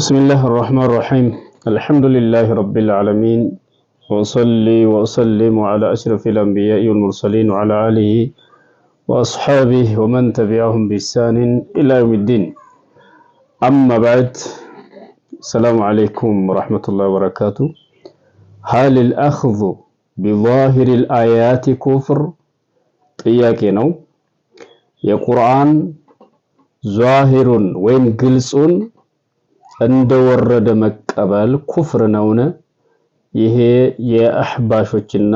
بسم الله الرحمن الرحيم الحمد لله رب العالمين وصلي وسلم على أشرف الأنبياء والمرسلين وعلى آله وأصحابه ومن تبعهم بإحسان إلى يوم الدين أما بعد السلام عليكم ورحمة الله وبركاته هل الأخذ بظاهر الآيات كفر ጥያቄ يا قرآن ظاهر وين ግልጹን እንደወረደ መቀበል ኩፍር ነውን? ይሄ የአህባሾችና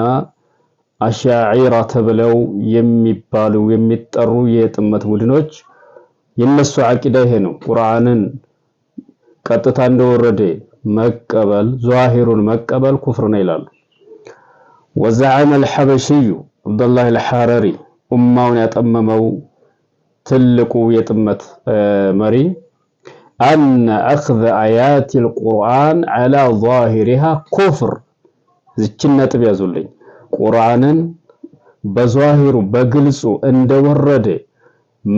አሻዒራ ተብለው የሚባሉ የሚጠሩ የጥመት ቡድኖች የነሱ አቂዳ ይሄ ነው። ቁርአንን ቀጥታ እንደወረደ መቀበል ዛሂሩን መቀበል ኩፍር ነው ይላሉ። ወዘዓመ አልሐበሺዩ አብዱላህ አልሐረሪ ኡማውን ያጠመመው ትልቁ የጥመት መሪ አነ አኽዘ አያት ልቁርአን አላ ዛሂሪሃ ኩፍር። ዝችን ነጥብ ያዙልኝ። ቁርአንን በዛሂሩ በግልጹ እንደወረደ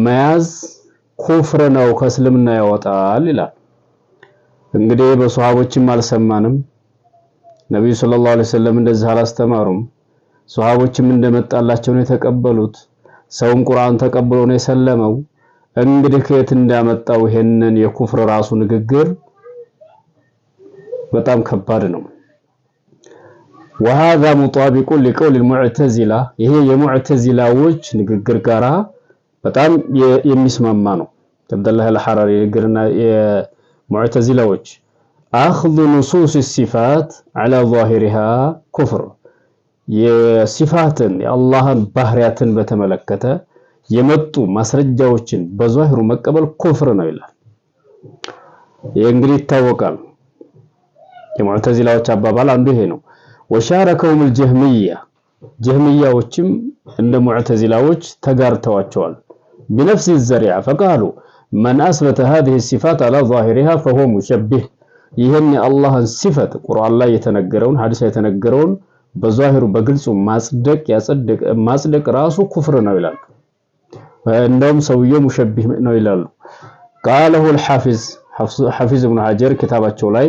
መያዝ ኩፍር ነው፣ ከእስልምና ያወጣል ይላል። እንግዲህ በሰሃቦችም አልሰማንም። ነቢዩ ሰለላሁ ዐለይሂ ወሰለም እንደዚህ አላስተማሩም። ሰሃቦችም እንደመጣላቸው ነው የተቀበሉት። ሰውም ቁርአን ተቀብሎ ነው የሰለመው። እንግዲህ ከየት እንዳመጣው ይሄንን የኩፍር ራሱ ንግግር በጣም ከባድ ነው። وهذا مطابق لقول المعتزله ይሄ የሙዕተዚላዎች ንግግር ጋራ በጣም የሚስማማ ነው። አብደላህ አልሐራሪ ንግግርና የሙዕተዚላዎች አኽዙ ንሱስ ሲፋት على ظاهرها ኩፍር የሲፋትን የአላህን ባህሪያትን በተመለከተ የመጡ ማስረጃዎችን በዛሂሩ መቀበል ኩፍር ነው ይላል። ይህ እንግዲህ ይታወቃል። የሙዕተዚላዎች አባባል አንዱ ይሄ ነው። ወሻረከውም ልጀህምያ ጀህምያዎችም እንደ ሙዕተዚላዎች ተጋርተዋቸዋል። ቢነፍስ ዘሪዓ ፈቃሉ መን አስበተ ሀዚህ ሲፋት አላ ዛሂሪሃ ፈሆ ሙሸቢህ ይህን የአላህን ሲፈት ቁርአን ላይ የተነገረውን ሐዲስ ላይ የተነገረውን በዛሂሩ በግልጹ ማጽደቅ ያጸደቀ ማጽደቅ ራሱ ኩፍር ነው ይላል። እንደውም ሰውየው ሙሸቢህ ነው ይላሉ። ቃለሁ አልሐፊዝ ሐፊዝ ኢብኑ ሀጀር ኪታባቸው ላይ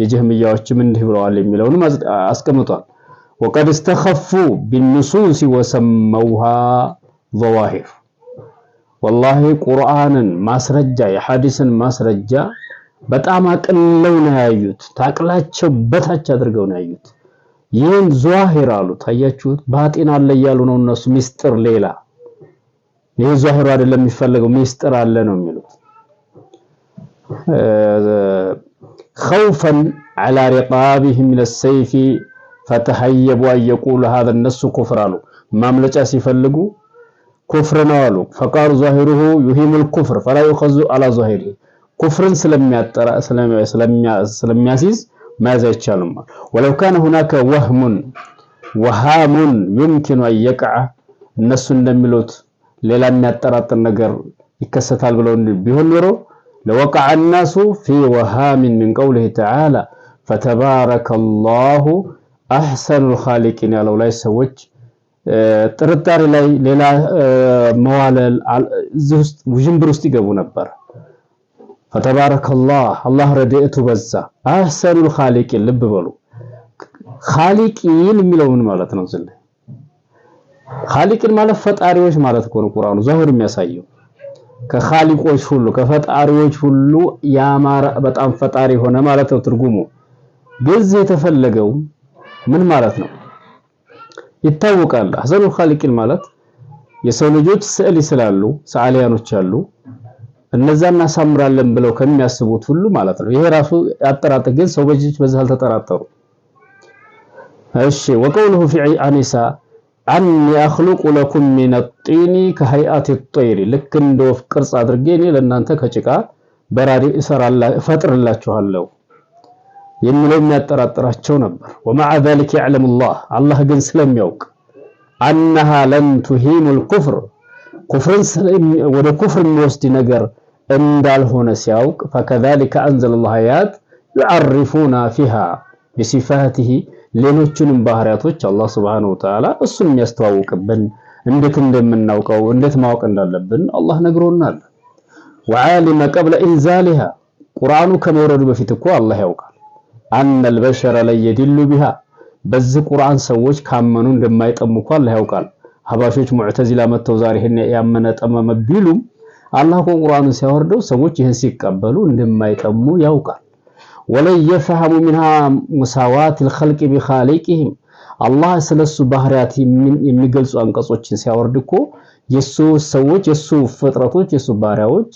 የጀህምያዎችም እንዲህ ብለዋል የሚለውን አስቀምጧል። ወቀድ እስተኸፉ ቢንሱስ ወሰመውሃ ዘዋሂር ወላሂ ቁርአንን ማስረጃ የሐዲስን ማስረጃ በጣም አቅለው ነው ያዩት። ታቅላቸው በታች አድርገው ነው ያዩት። ይህን ዘዋሂር አሉት። አያችሁት? ባጢን አለ እያሉ ነው እነሱ ሚስጥር ሌላ ይሄ ዛህሩ አይደለም የሚፈለገው ሚስጥር አለ ነው የሚሉት خوفا على رقابهم من السيف فتحيبوا ان يقول هذا النص كفر አሉ ማምለጫ ሲፈልጉ ኩፍር ነው አሉ فقال ظاهره يهم الكفر فلا يؤخذ على ظاهره ኩፍርን ስለሚያጠራ ስለሚያስይዝ መያዝ አይቻልም ولو كان هناك وهم وهام يمكن ان يقع እነሱ እንደሚሉት ሌላ የሚያጠራጥር ነገር ይከሰታል ብለው ቢሆን ኖሮ ለወቀዐ الناس في وهام من قوله تعالى فتبارك الله احسن ያለው ላይ ሰዎች ጥርጣሬ ላይ ሌላ መዋለል እዚህ ውስጥ ውዥንብር ውስጥ ይገቡ ነበር። ፈተባረከ አላህ ረድኤቱ በዛ። አሕሰኑል ኻሊቂን ልብ በሉ። ኻሊቂን የሚለው ምን ማለት ነው? ዝለ ኻሊቅን ማለት ፈጣሪዎች ማለት እኮ ነው ቁርአኑ ዛሁር የሚያሳየው ከኻሊቆች ሁሉ ከፈጣሪዎች ሁሉ ያማረ በጣም ፈጣሪ ሆነ ማለት ነው ትርጉሙ። በዚህ የተፈለገው ምን ማለት ነው ይታወቃል። አሕሰኑል ኻሊቂን ማለት የሰው ልጆች ስዕል ይስላሉ፣ ሰዓሊያኖች አሉ። እነዛ እናሳምራለን ብለው ከሚያስቡት ሁሉ ማለት ነው። ይሄ ራሱ ያጠራጥር፣ ግን ሰው ልጆች በዚህ አልተጠራጠሩ። እሺ ወቀውሉሁ ፊ አኒሳ? አን ያኽሉቁ ለኩም ሚነ ጢኒ ከሀይአት ጦይሪ ልክ እንደ ወፍ ቅርጽ አድርጌ እኔ ለእናንተ ከጭቃ በራሪ እፈጥርላችኋለሁ የሚለው የሚያጠራጥራቸው ነበር። ወመዓ ዛሊክ ያዕለሙላህ አላህ ግን ስለሚያውቅ አነሃ ለን ቱሂሙል ኩፍር ኩፍርን ወደ ኩፍር የሚወስድ ነገር እንዳልሆነ ሲያውቅ ፈከዛሊከ አንዘለላህ አያት ዩዓሪፉና ፊሃ ቢሲፋቲሂ ሌሎቹንም ባህሪያቶች አላህ ሱብሃነሁ ወተዓላ እሱን የሚያስተዋውቅብን እንዴት እንደምናውቀው እንዴት ማወቅ እንዳለብን አላህ ነግሮናል። ወዓሊመ ቀብለ ኢንዛሊሃ ቁርአኑ ከመውረዱ በፊት እኮ አላህ ያውቃል። አነል በሸረ ለየዲሉ ቢሃ በዚህ ቁርአን ሰዎች ካመኑ እንደማይጠሙ እኮ አላህ ያውቃል። ሀባሾች ሙዕተዚላ መተው ዛሬ ይሄን ያመነ ጠመመ ቢሉም አላህ እኮ ቁርአኑን ሲያወርደው ሰዎች ይህን ሲቀበሉ እንደማይጠሙ ያውቃል። ወለን የፍሀሙ ሚንሃ ሙሳዋት ልከልቅ ቢካሊቅህም አላህ ስለሱ ባህሪያት የሚገልጹ አንቀጾችን ሲያወርድ እኮ የሱ ሰዎች የሱ ፍጥረቶች የሱ ባሪያዎች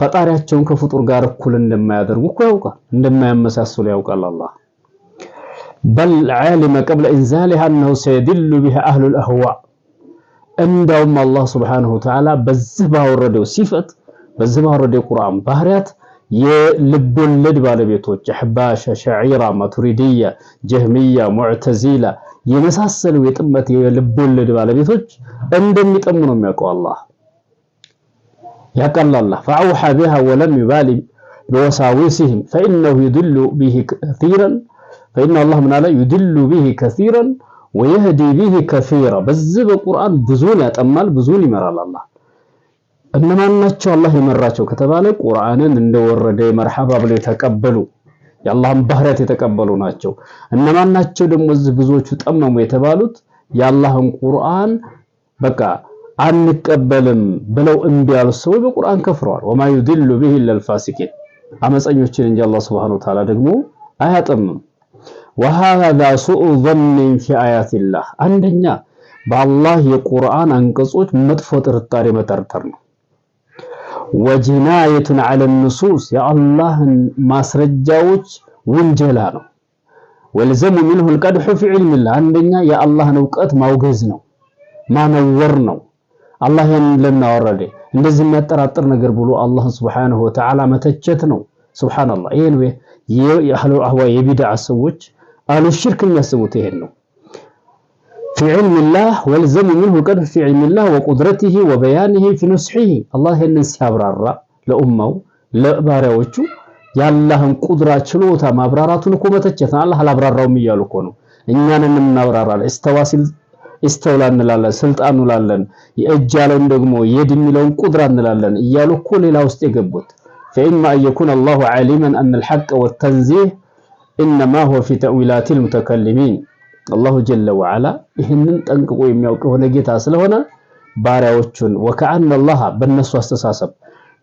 ፈጣሪያቸውን ከፍጡር ጋር እኩል እንደማያደርጉ እኮ ያውቃል፣ እንደማያመሳስሉ ያውቃል። አላህ በል ዓሊመ ቀብለ ኢንዛሊሃ አነሁ ሰየድሉ ቢሃ አህሉል አህዋ። እንዳውም አላህ ሱብሓነሁ ወተዓላ በዚህ ባወረደው ሲፈት በዚህ ባወረደው ቁርአን ባህሪያት የልቦለድ ባለቤቶች አሕባሽ፣ ሸዒራ፣ ማቱሪድያ፣ ጀህሚያ፣ ሙዕተዚላ የመሳሰሉ የጥመት የልቦለድ ባለቤቶች እንደሚጠሙ ነው የሚያውቀው አላህ ያውቃል። አላህ ፈአውሓ ቢሃ ወለም ዩባሊ ቢወሳዊሲህም ፈኢነሁ ዩድሉ ቢሂ ከሲረን ፈኢነ አላህ ምን ዩድሉ ቢሂ ከሲረን ወየህዲ ቢሂ ከሲራ። በዚህ በቁርአን ብዙን ያጠማል፣ ብዙን ይመራል አላህ እነማን ናቸው አላህ የመራቸው ከተባለ ቁርአንን እንደወረደ መርሐባ ብለው የተቀበሉ የአላህን ባህሪያት የተቀበሉ ናቸው። እነማን ናቸው ደግሞ እዚህ ብዙዎቹ ጠመሙ የተባሉት የአላህን ቁርአን በቃ አንቀበልም ብለው እምቢ ያሉ ሰዎች በቁርአን ከፍረዋል። ወማ ዩድሉ ቢሂ ኢለል ፋሲቂን አመፀኞችን እንጂ አላህ ሱብሓነሁ ወተዓላ ደግሞ አያጠምም። ወሃዛ ሱኡ ዘንን ፊ አያቲላህ አንደኛ በአላህ የቁርአን አንቀጾች መጥፎ ጥርጣሬ መጠርጠር ነው። ወጅናየቱን አለ ንሱስ የአላህን ማስረጃዎች ውንጀላ ነው። ወልዘሙ ሚንሁ ልቀድሑ ፊ ዒልሚላህ አንደኛ የአላህን እውቀት ማውገዝ ነው፣ ማነወር ነው። አላህ ያንን ለምን አወረደ እንደዚህ የሚያጠራጥር ነገር ብሎ አላህን ስብሓንሁ ወተዓላ መተቸት ነው። ስብሓንላህ ይህን የአህሉ አህዋ የቢድዓ ሰዎች አሉ ሽርክ የሚያስቡት ይሄን ነው። ፊ ዕልሚላህ ወልዘሙ ምንሁ ቀድሁ ፊ ዕልሚላህ ወቁድረቲሂ ወበያኒሂ ፊ ኑስሒሂ አላህ ይህንን ሲያብራራ ለኡማው ለባሪያዎቹ የአላህን ቁድራ ችሎታ ማብራራቱን እኮ መተቸት አላህ አላብራራውም እያሉ እኮ ነው። እኛንን እናብራራለን። እስተዋ ሲል ኢስተውላ እንላለን፣ ስልጣን እንላለን፣ የእጅ ያለውን ደግሞ የድ የሚለውን ቁድራ እንላለን እያሉ እኮ ሌላ ውስጥ የገቡት ፈኢማ አን የኩነ አላሁ ዓሊመን አን አልሐቅ ወተንዚህ ኢነማ ሁወ ፊ ተእዊላቲል ሙተከሊሚን አላሁ ጀለ ወዓላ ይህንን ጠንቅቆ የሚያውቅ የሆነ ጌታ ስለሆነ ባሪያዎቹን ወከአን አላህ በእነሱ አስተሳሰብ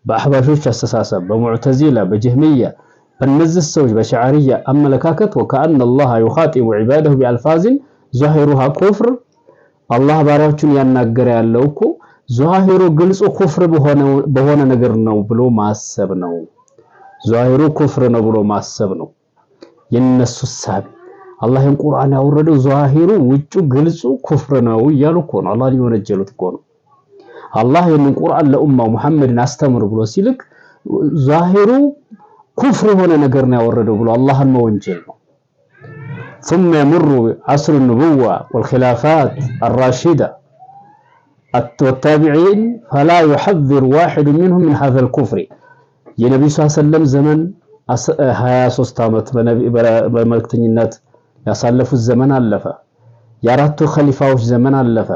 በአህባሾች አስተሳሰብ በሙዕተዚላ በጀህሚያ በእነዚህ ሰዎች በሸዓርያ አመለካከት ወከአን አላህ ዩኻጢቡ ዒባደሁ ቢአልፋዝን ዛሂሩሃ ኩፍር አላህ ባሪያዎቹን ያናገረ ያለው እኮ ዛሂሩ ግልጹ ኩፍር በሆነ ነገር ነው ብሎ ማሰብ ነው። ዛሂሩ ኩፍር ነው ብሎ ማሰብ ነው የነሱ ሳቢ አላህን ቁርአን ያወረደው ዛሂሩ ውጩ ግልጹ ኩፍር ነው እያሉ እኮ ነው። አላህን የወነጀሉት እኮ ነው። አላህ ይህንን ቁርአን ለኡማው መሐመድን አስተምር ብሎ ሲልክ ዛሂሩ ኩፍር የሆነ ነገር ነው ያወረደው ብሎ አላህን መወንጀል ነው። ثم يمر عصر النبوة والخلافات الراشدة والتابعين فلا يحذر واحد منهم من هذا الكفر የነቢዩ ሰለላሁ ዐለይሂ ወሰለም ዘመን 23 ዓመት በመልክተኝነት ያሳለፉት ዘመን አለፈ። የአራቱ ኸሊፋዎች ዘመን አለፈ።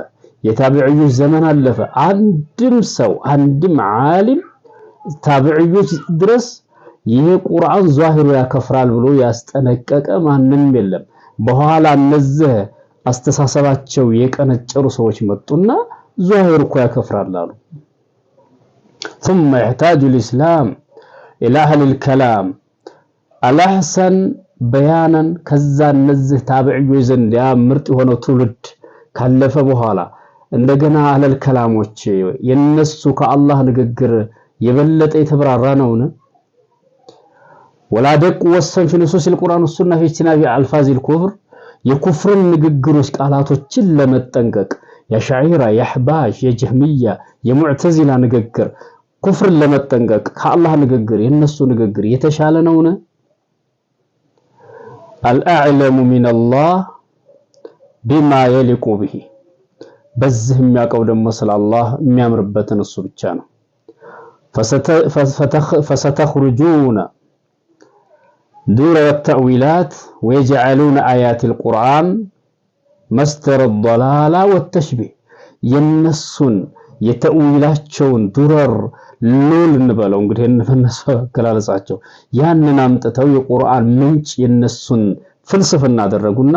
የታቢዕዮች ዘመን አለፈ። አንድም ሰው አንድም ዓሊም ታቢዕዮች ድረስ ይሄ ቁርአን ዛሂሩ ያከፍራል ብሎ ያስጠነቀቀ ማንም የለም። በኋላ እነዚህ አስተሳሰባቸው የቀነጨሩ ሰዎች መጡና ዛሂር እኮ ያከፍራል አሉ። ثم يحتاج الاسلام الى اهل الكلام الاحسن በያነን ከዛ እነዚህ ታብዕዮች ዘንድ ያ ምርጥ የሆነው ትውልድ ካለፈ በኋላ እንደገና አለል ከላሞች የነሱ ከአላህ ንግግር የበለጠ የተብራራ ነውን? ወላደቁ ወሰን ፊ ንሱስ ልቁርአን ሱና ፊ ጅቲናቢ አልፋዚል ኩፍር የኩፍርን ንግግሮች ቃላቶችን ለመጠንቀቅ የሻዒራ፣ የአሕባሽ፣ የጀህምያ፣ የሙዕተዚላ ንግግር ኩፍርን ለመጠንቀቅ ከአላህ ንግግር የነሱ ንግግር የተሻለ ነውን? አልአዕለሙ ሚነላህ ቢማ የሊቁ ብሂ በዚህ የሚያውቀው ደግሞ ስለ አላህ የሚያምርበትን እሱ ብቻ ነው። ፈሰተኽሩጁነ ዱረ ወተዕዊላት ወየጅዐሉነ አያት ልቁርአን መስደረ ዶላላ ወተሽቢህ የነሱን የተዕዊላቸውን ዱረር ሉል እንበለው እንግዲህ እነሱ አገላለጻቸው ያንን አምጥተው የቁርአን ምንጭ የነሱን ፍልስፍና አደረጉና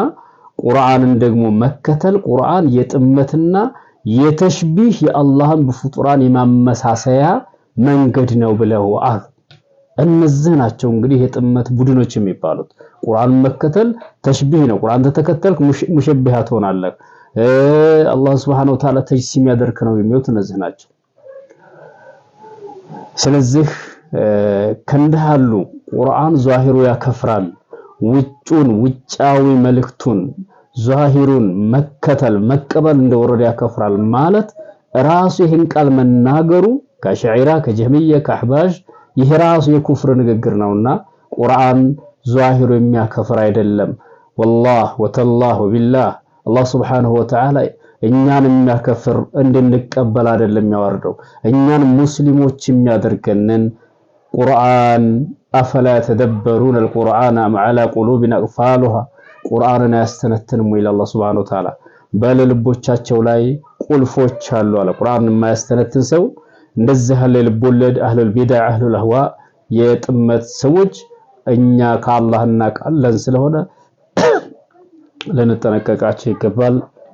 ቁርአንን ደግሞ መከተል ቁርአን የጥመትና የተሽቢህ የአላህን በፍጡራን የማመሳሰያ መንገድ ነው ብለው አሉ። እነዚህ ናቸው እንግዲህ የጥመት ቡድኖች የሚባሉት። ቁርአን መከተል ተሽቢህ ነው። ቁርአን ተተከተልክ ሙሸብሃ ትሆናለህ፣ አላህ ሱብሓነሁ ወተዓላ ተጅሲም ያደርክ ነው የሚሉት እነዚህ ናቸው። ስለዚህ ከእንዲህ ያሉ ቁርአን ዛሂሩ ያከፍራል፣ ውጩን ውጫዊ መልእክቱን ዛሂሩን መከተል መቀበል እንደወረደ ያከፍራል ማለት ራሱ ይህን ቃል መናገሩ ከሸዒራ ከጀህሚያ ከአሕባሽ ይህ ራሱ የኩፍር ንግግር ነውና ቁርአን ዛሂሩ የሚያከፍር አይደለም። ወላህ ወተላህ ወቢላህ አላህ ሱብሓነሁ ወተዓላ እኛን የሚያከፍር እንድንቀበል አይደለም ያወርደው። እኛን ሙስሊሞች የሚያደርገንን ቁርአን አፈላ የተደበሩን አልቁርአን አም ዐላ ቁሉብን አቅፋሉሃ ቁርአንን አያስተነትንም ወይ? አላህ ሱብሓነሁ ወተዓላ በልቦቻቸው ላይ ቁልፎች አሉ አለ። ቁርአንን የማያስተነትን ሰው እንደዚህ ያለ ልቦለድ አህሉል ቢድዓ አህሉል አህዋ የጥመት ሰዎች እኛ ከአላህና ቃለን ስለሆነ ልንጠነቀቃቸው ይገባል።